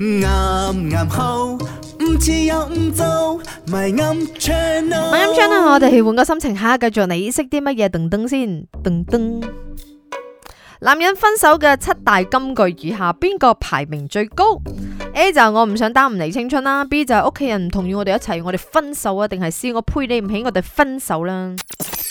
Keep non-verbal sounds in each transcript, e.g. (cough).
啱啱好，唔似又唔做，咪暗 channel。channel，我哋去換個心情下，繼續你識啲乜嘢？噔噔先，噔噔。男人分手嘅七大金句以下，邊個排名最高？A 就我唔想耽誤你青春啦。B 就係屋企人唔同意我哋一齊，我哋分手啊？定係 C 我配你唔起，我哋分手啦。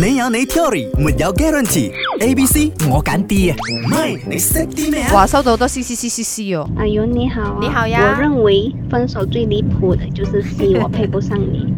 你有你 theory 沒有 guarantee。A、B、C 我揀 D 啊！唔係你識啲咩啊？哇，收到多 C、C、C、C、C 哦。哎呦你好啊，你好呀。我認為分手最離譜的就是 C， (laughs) 我配不上你。 (laughs)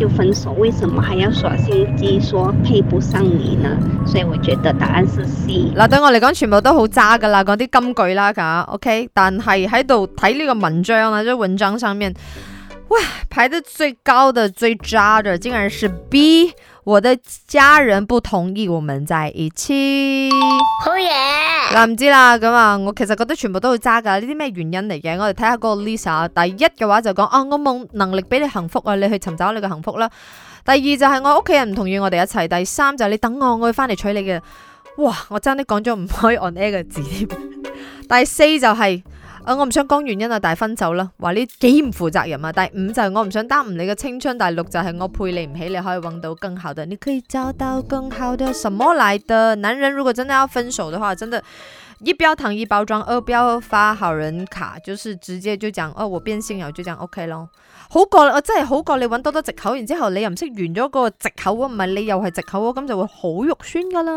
就分手，為什麼還要耍心機說配不上你呢？所以我覺得答案是 C。那對我嚟講，全部都好渣噶啦，講啲金句啦噶、啊。OK，但係喺度睇呢個文章啊，就、這個、文章上面哇，排得最高的最渣的，竟然是 B。我的家人不同意我們在一起。好嘢、oh yeah! 啊，嗱唔知啦，咁啊，我其實覺得全部都好渣噶，呢啲咩原因嚟嘅？我哋睇下嗰個 Lisa，第一嘅話就講啊，我冇能力俾你幸福啊，你去尋找你嘅幸福啦。第二就係我屋企人唔同意我哋一齊，第三就係你等我，我會翻嚟娶你嘅。哇，我爭啲講咗唔可以 on air 嘅字添。第四就係、是。啊、呃！我唔想講原因啊，大分手啦，話你幾唔負責任啊。第五就係、是、我唔想耽誤你嘅青春，第六就係、是、我配你唔起，你可以揾到更好嘅。你可以找到更好的，好的什麼來的？男人如果真的要分手嘅話，真的一不要糖衣包裝，二不要發好人卡，就是直接追責。哦、呃，我邊先有追責？OK 咯，好過我真係好過你揾多多借口，然之後你又唔識圓咗個借口啊，唔係你又係借口啊，咁就會好肉酸噶啦。